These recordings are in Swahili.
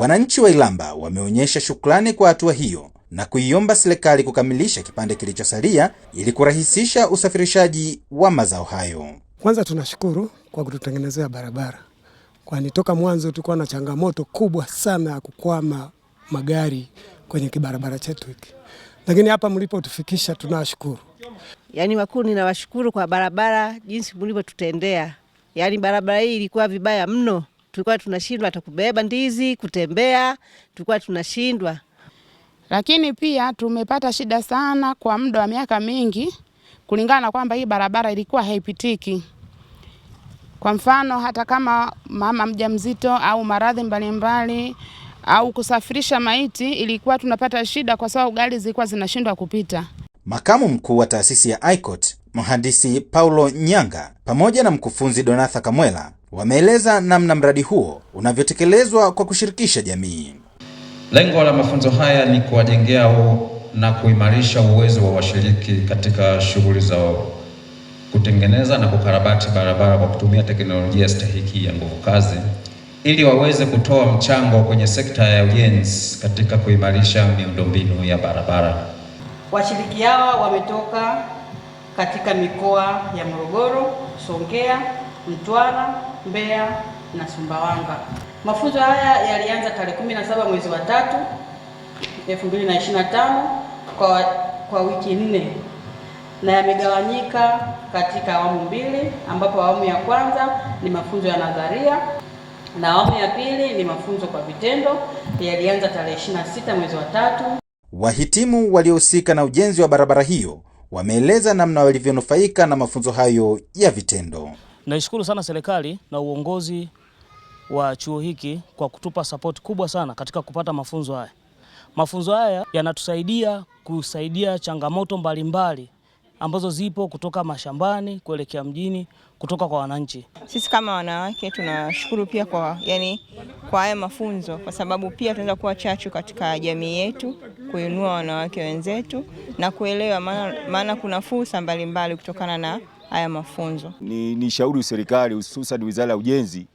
Wananchi wa Ilamba wameonyesha shukrani kwa hatua hiyo na kuiomba serikali kukamilisha kipande kilichosalia ili kurahisisha usafirishaji wa mazao hayo. Kwanza tunashukuru kwa kututengenezea barabara, kwani toka mwanzo tulikuwa na changamoto kubwa sana ya kukwama magari kwenye kibarabara chetu hiki, lakini hapa mlipotufikisha tunawashukuru. Yaani wakuu, ninawashukuru kwa barabara jinsi mlivyotutendea, yaani barabara hii ilikuwa vibaya mno tulikuwa tunashindwa hata kubeba ndizi, kutembea tulikuwa tunashindwa. Lakini pia tumepata shida sana kwa muda wa miaka mingi, kulingana na kwamba hii barabara ilikuwa haipitiki. Kwa mfano, hata kama mama mjamzito au maradhi mbalimbali au kusafirisha maiti ilikuwa tunapata shida, kwa sababu gari zilikuwa zinashindwa kupita. Makamu mkuu wa taasisi ya ICOT mhandisi Paulo Nyanga pamoja na mkufunzi Donatha Kamwela Wameeleza namna mradi huo unavyotekelezwa kwa kushirikisha jamii. Lengo la mafunzo haya ni kuwajengea na kuimarisha uwezo wa washiriki katika shughuli za kutengeneza na kukarabati barabara kwa kutumia teknolojia stahiki ya nguvu kazi ili waweze kutoa mchango kwenye sekta ya ujenzi katika kuimarisha miundombinu ya barabara. Washiriki hawa wametoka katika mikoa ya Morogoro, Songea, Mtwara Mbeya na Sumbawanga. Mafunzo haya yalianza tarehe 17 mwezi wa tatu 2025 kwa, kwa wiki nne na yamegawanyika katika awamu mbili ambapo awamu ya kwanza ni mafunzo ya nadharia na awamu ya pili ni mafunzo kwa vitendo yalianza tarehe 26 mwezi wa tatu. Wahitimu waliohusika na ujenzi wa barabara hiyo wameeleza namna walivyonufaika na mafunzo hayo ya vitendo. Naishukuru sana serikali na uongozi wa chuo hiki kwa kutupa support kubwa sana katika kupata mafunzo haya. Mafunzo haya yanatusaidia kusaidia changamoto mbalimbali ambazo zipo kutoka mashambani kuelekea mjini kutoka kwa wananchi. Sisi kama wanawake tunashukuru pia kwa yani, kwa haya mafunzo, kwa sababu pia tunaweza kuwa chachu katika jamii yetu, kuinua wanawake wenzetu na kuelewa maana, maana kuna fursa mbalimbali kutokana na haya mafunzo. Ni, ni shauri serikali hususan Wizara ya Ujenzi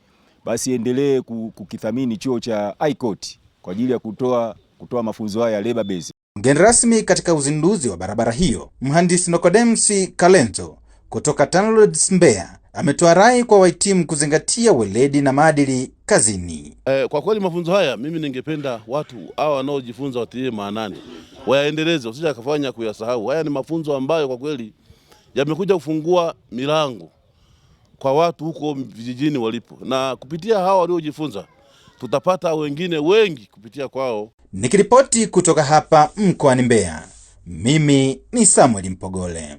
basi endelee kukithamini chuo cha ICOT kwa ajili ya kutoa, kutoa mafunzo haya ya labor base. Mgeni rasmi katika uzinduzi wa barabara hiyo, mhandisi Nocodemus Kalento kutoka TANROADS Mbeya ametoa rai kwa wahitimu kuzingatia weledi na maadili kazini. Eh, kwa kweli mafunzo haya mimi ningependa watu hawa wanaojifunza watilie maanani, wayaendeleze, wasija akafanya kuyasahau. Haya ni mafunzo ambayo kwa kweli yamekuja kufungua milango kwa watu huko vijijini walipo, na kupitia hawa waliojifunza tutapata wengine wengi kupitia kwao Nikiripoti kutoka hapa mkoani Mbeya, mimi ni Samuel Mpogole.